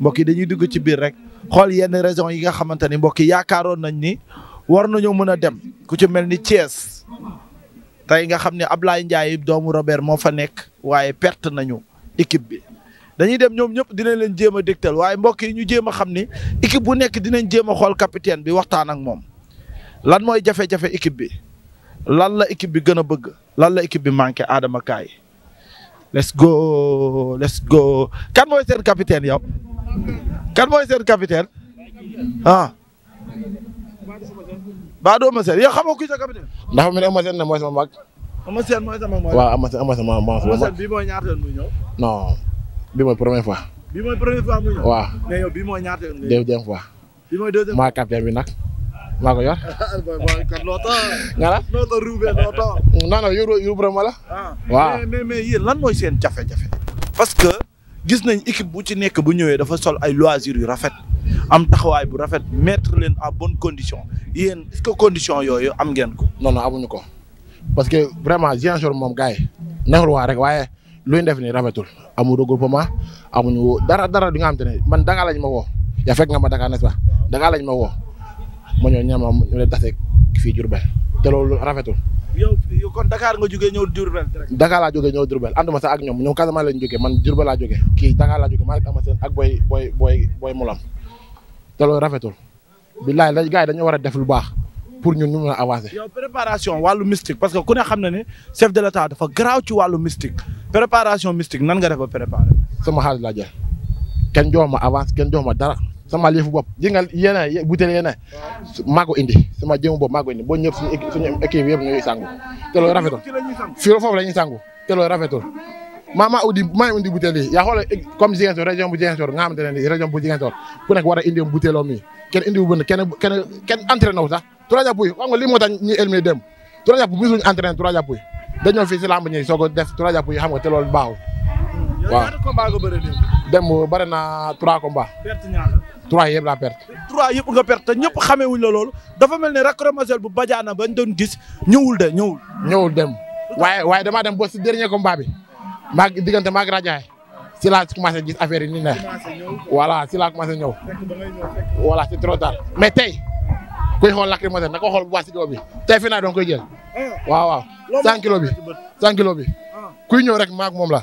mbokk yi dañuy digg ci biir rek xool yenn régions yi nga xamante ni mbokk yi yaakaaroon nañ ni war nañoo mën a dem ku ci mel ni Thiès tey nga xam ne Ablaye Ndiaye doomu Robert moo fa nekk waaye perte nañu équipe bi. dañuy dem ñoom ñëpp dinañ leen jéem a dégtal waaye mbokk yi ñu jéem a xam ni équipe bu nekk dinañ jéem a xool capitaine bi waxtaan ak moom lan mooy jafe-jafe équipe bi lan la équipe bi gën a bëgg lan la équipe bi manqué Adama Kaay let's go let's go kan mooy seen capitaine yow kan mooy seen capitaine ah. baa du Eumeu Sène yow xamoo kuy sa capitaine. ndax mu ne Eumeu Sène mooy sama mag. Eumeu Sène mooy sama mag. waaw Eumeu Sène Eumeu Sène mooy sama mag. Eumeu Sène bii mooy ñaata yoon muy ñëw. non bii mooy première fois. bii mooy première fois muy ñëw. waaw mais yow bii mooy ñaata yoon muy ñëw. deuxième fois. bii mooy deuxième fois maa capitaine bi nag. maa ko yor. nga la. non non yoru yoru ma la. Ah. waaw mais yéen lan mooy seen jafe-jafe. parce que gis nañ équipe bu ci nekk bu ñëwee dafa sol ay loisir yu rafet am taxawaay bu rafet metre leen à bonne condition yéen est-ce condition yooyu am ngeen ko. non non amuñu ko parce que vraiment Ziguinchor moom gars yi neexul waa rek waaye luy def nii rafetul amul regroupement amuñu dara dara di nga xam ne man Dakar lañ ma woo yaa nga ma Dakar n'est-ce lañ ma woo. ma ñëw ñaama ñu leen tase fii Diourbel te loolu rafetul. yow kon Dakar nga jógee ñëw Diourbel direct. Dakar laa jógee ñëw Diourbel ànduma sax ak ñoom ñoom Casamance lañ jógee man Diourbel laa jógee kii Dakar laa jógee Malick Ama Sène ak booy booy booy booy Mulam te loolu rafetul billaay la gars yi dañoo war a def lu baax pour ñun ñu mën a avancer. préparation wàllu mystique parce que ku ne xam na ne chef de dafa garaaw ci wàllu mystique préparation mystique nan nga def ba préparer. sama xaalis laa jël kenn jox ma avance kenn jox ma dara. sama liifu bopp ji nga yéen indi sama jëmu bopp maa indi boo ñëpp suñu suñu équipe yëpp ñuy sangu te loolu rafetul fii foofu la ñuy sangu te loolu maa maa udi maa indi butéel yi comme Ziguinchor région bu Ziguinchor nga xamante bu Ziguinchor ku nekk war indi butéeloom nii kenn indi bu kenn kenn kenn entraîné xam nga lii moo tax ñuy éliminé dem trois jàpp misuñu entraîné trois jàpp yi dañoo fii si lamb ñi soog a def trois jàpp yi xam nga te loolu baaxul waaw dem bare naa trois combats. perte ñaata. trois yëpp laa ñëpp xamewuñ loolu dafa mel ne racromasel bu bajaana bañ doon gis ñëwul de ñëwul. ñëwul dem waaye waaye damaa dem ba si dernier combat bi maa diggante maa ngi rajaay si laa commencé gis affaire yi ni ne voilà si laa commencé ñëw. voilà c'est trop tard mais tey kuy xool lacrymogène na ko xool bu baax si kaw bi tey fii naa doon koy jël ah. waaw waaw. 100 kilo bi 100 kilo bi ah. kuy ñëw rek maag moom la.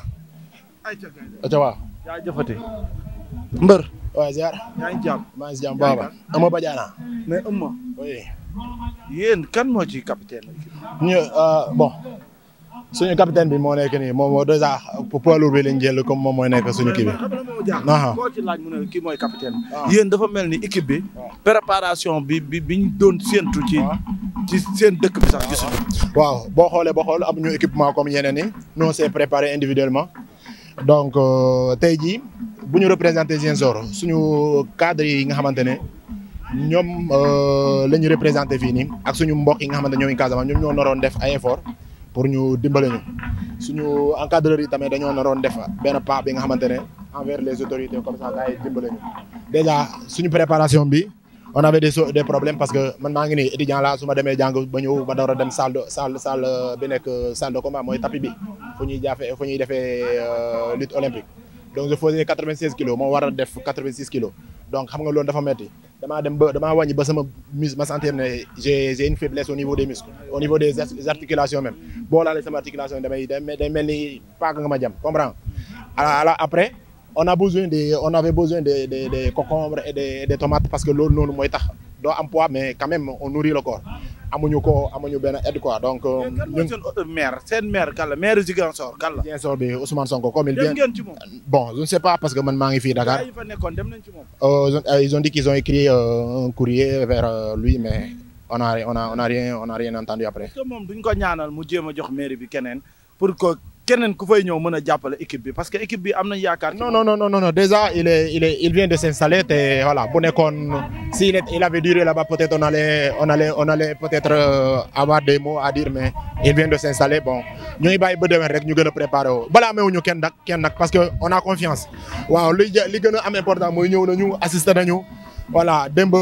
aca waaw yaa jëfati mbër waaye ziar yaa ngi jàmm maa ngi jàmm baaba ama bajaana mais ëmma yéen kan moo ci capitaine ñu euh, bon suñu capitaine bi moo nekk nii moom moo dèjà poids bi lañ jël comme moom mooy nekk suñu kii bi. koo ci laaj mu ne ah. dafa mel ni équipe bi. Ah. préparation bi bi biñ doon séentu ci. Ah. ci dëkk bi sax gisuñu. waaw boo xoolee boo xool amuñu équipement comme yeneen yi. non c'est préparé individuellement. donc euh, tey jii bu ñu représenté Ziguinchor suñu cadre yi nga xamante ne ñoom euh, la ñu représenté fii nii ak suñu mbokk yi nga xamante ne ñoom i Casamance ñoom ñoo naroon def ay effort pour ñu dimbale ñu suñu encadreurs yi tamit dañoo naroon def benn pas bi nga xamante ne envers les autorités comme ça gars yi dimbale ñu déjà suñu préparation bi. on avait des des parce que man maa ngi étudiant laa su ma demee jàng ba ñëw ba door dem salle de salle salle bi nekk salle de combat mooy tapis bi fu ñuy jaafee euh, lutte olympique donc je faisais seize kilos moom war def quatre donc xam nga loolu dafa metti damaa dem ba damaa wàññi ba sama mus ma sentir ne j'ai j'ai faiblesse au niveau des muscles au niveau des articulations même boo laalee sama articulation damay day mel ni paak nga ma jam comprends alors après on a besoin des concombres et des tomates parce que loolu noonu mooy tax doo am mais quand on nourrit le corps amuñu ko amuñu benn aide quoi donc. Euh, ñun seen euh, maire seen maire kan la maire Ziguinchor kan la. Ziguinchor bi Ousmane Sonko comme il vient. bon je ne sais pas parce que man maa fii Dakar. Euh, ils ont dit qu'ils ont écrit un courrier vers lui mais on a on a on a rien après. est ko ñaanal mu jéem a jox maire bi keneen pour keneen ku fay ñëw mën a jàppale équipe bi parce que équipe bi am nañ yaakaar. non non non non non déjà il vient de s'installer te voilà bu nekkoon si il avait duré là-bas peut-être on allait on allait on allait peut-être euh, avoir des mots à dire mais il vient de s'installer bon ñooy bàyyi ba déwén rek ñu gën a préparer woo balaa amewuñu kenn nag kenn nag parce que on a confiance waaw li li gën a am important mooy ñëw nañu assister nañu. voilà démb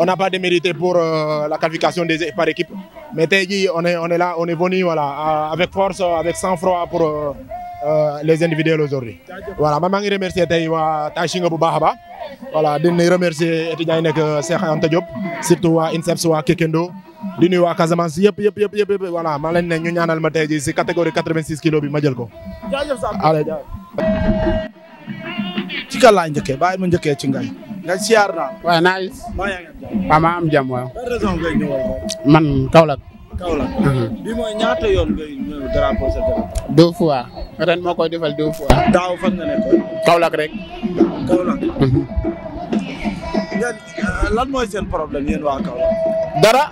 on n'a pas démérité pour euh, la qualification des par équipe mais tey jii on est on est là on est venu voilà avec force avec sang-froid pour euh, euh, les individuels aujourd'hui voilà man maa ngi remercier tey waa Taïsinga bu baax a baax voilà di nuyu remercier étudiants yi nekk euh, Cheikh Anta Diop surtout wa INSEPS waa Kekendo di nuyu waa Casamance yëpp yëpp yëpp yëpp voilà maa leen ne ñu ñaanal ma tey jii si catégorie 86 kilos bi ma jël ko. jaajëf Sane allez jaajëf. ci kan laay njëkkee bàyyi ma njëkkee ci ngay. nga siyaar naa. waaye naa gis. waaw maa am jàmm waaw. man kawlak Kaolack. Mhm. bi mooy ñaata ren moo koy defal deux fois. daaw fan rek. Mhm. Euh, mooy seen problème yéen waa dara.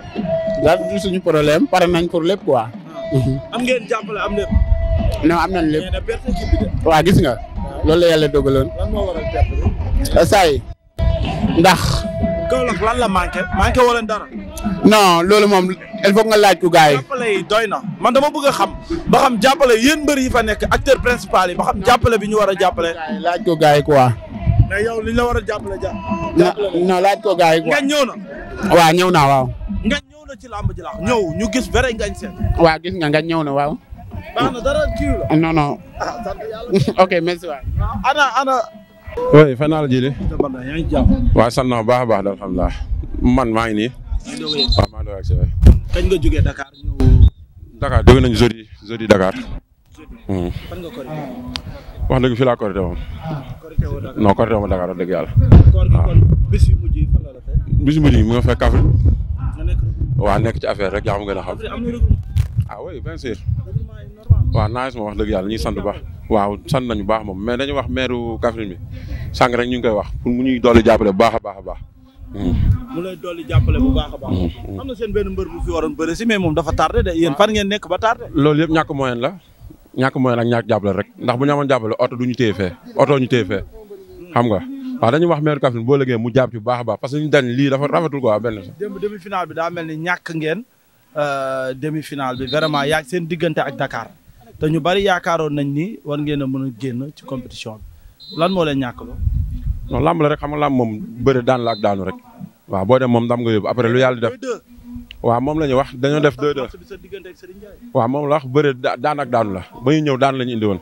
daal du suñu problème pare nañ pour lépp quoi. Ah. Mhm. am am nañ lépp. waa gis nga. Ah. loolu la yàlla saa yi ndax. Kaolack lan la manqué manqué wala dara. non loolu moom il faut nga laaj ko gars yi. jàppale yi doy na man dama bëgg a xam ba xam jàppale yéen mbër yi fa nekk acteur principal yi ba xam jàppale bi ñu war a jàppale. laaj ko gars yi quoi. mais yow li ñu la war a jàppale jàppale. non laaj ko gars yi quoi. ngañ ñëw na. ñëw naa waaw. ngañ ñëw na ci làmb ji la ñëw ñu gis vrai ngañ seen. waaw gis nga ngañ ñëw na waaw. baax na dara ah, ok merci waay. oui fay naa la jëlee. waaw sant naa baax a baax alhamdulilah man maa ngi nii. waaw maa ngi doon ak si waay. kañ nga Dakar ñëw. nañu jeudi jeudi Dakar. Hmm. wax dëgg fii laa korite moom. non Dakar wax dëgg yàlla. waaw bis yu mujj yi mu fekk Kaffrine. waa nekk ci affaire rek yaa xam gën xam. ah oui bien waaw naaj moom wax dëgg yàlla ñuy sant bu baax waaw sant nañu baax moom mais dañu wax maire Kaffrine bi sànq rek ñu ngi koy wax pour mu ñuy dolli jàppale bu baax a baax baax. Hmm. mu lay dolli jàppale bu baax a baax. Hmm. am na benn mbër bu fi waroon bëri moom dafa tardé de yéen fan ngeen nekk ba tardé. loolu yëpp ñàkk moyen la ñàkk moyen ak ñàkk jàppale rek ndax bu ñu jàppale oto du ñu téye fee oto ñu téye xam nga waaw dañu wax maire Kaffrine boo lëggee mu jàpp ci baax a baax parce que ñu dañ lii dafa rafetul quoi benn. démb demi finale bi daa mel ni ñàkk ngeen euh, demi finale bi vraiment yaa seen diggante ak dakaar te ñu bari yaakaaroon nañ ni war ngeen a mën a génn ci compétition bi lan moo leen ñàkkloo. non làmb la rek xam nga làmb moom bëri daan la ak daanu rek. waaw boo dem moom ndam nga yóbbu après lu yàlla def. waaw moom la ñu wax dañoo def 2-2. waaw moom la wax bëri daan ak daanu la ba ñu ñëw daan la ñu indi woon.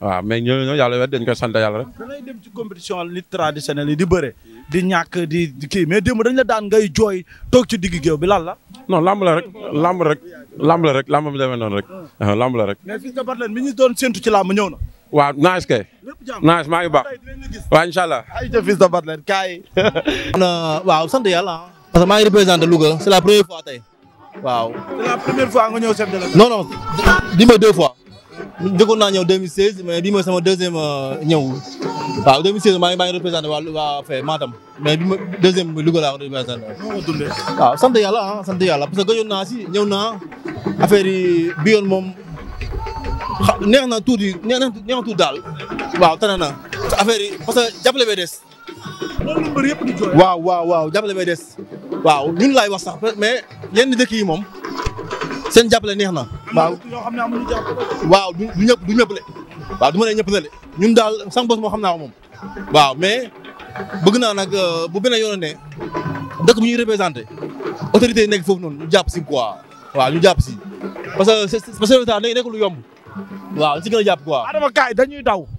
Ah. waaw mais ñooñu yàlla wet dañ koy sant yàlla rek. da ngay dem ci compétition nit traditionnel yi di bëre di ñàkk di kii mais démb dañ la daan ngay jooy toog ci digg géew la la. non lamb la rek lamb la rek lamb bi demee noonu rek. Ah, lamb la rek. mais fii nga Batlen mi ñu doon séntu ci lamb ñëw na. waaw naaj kay. naaj maa ngi baax waaw incha allah. ayca fils de Batlen kaay. waaw sant yàlla ah. parce que maa ngi représenté Louga c'est la première fois tey waaw. c'est la première fois nga ñëw chef de la. non non dis-moi deux fois. njëkkoon naa ñëw 2016 mais bii mooy sama deuxième euh, ñëw waaw 2016 maa ngi maa ngi représenté waa waa Matam mais bi ma deuxième bi Louga laa représenté waaw sant yàlla ah sant yàlla parce que gëjoon naa si ñëw naa affaire yi bi moom neex na tuuti neex na neex na tuuti daal waaw tane na affaire yi parce que jàppale bay waaw waaw waaw jàppale waaw ñun laay wax sax mais yenn dëkk yi moom seen jàppale neex na waaw waaw du ñëpp du ñëpp le waaw du ma ñëpp na le ñun daal sànq bos moo xam naa ko moom waaw mais bëgg naa nag bu beneen yoon ne dëkk bi ñuy représenté autorité nekk foofu noonu ñu jàpp si quoi waaw ñu jàpp si parce que parce que résultat day nekk lu yomb waaw ñu si gën a jàpp quoi. Adama kaay dañuy daw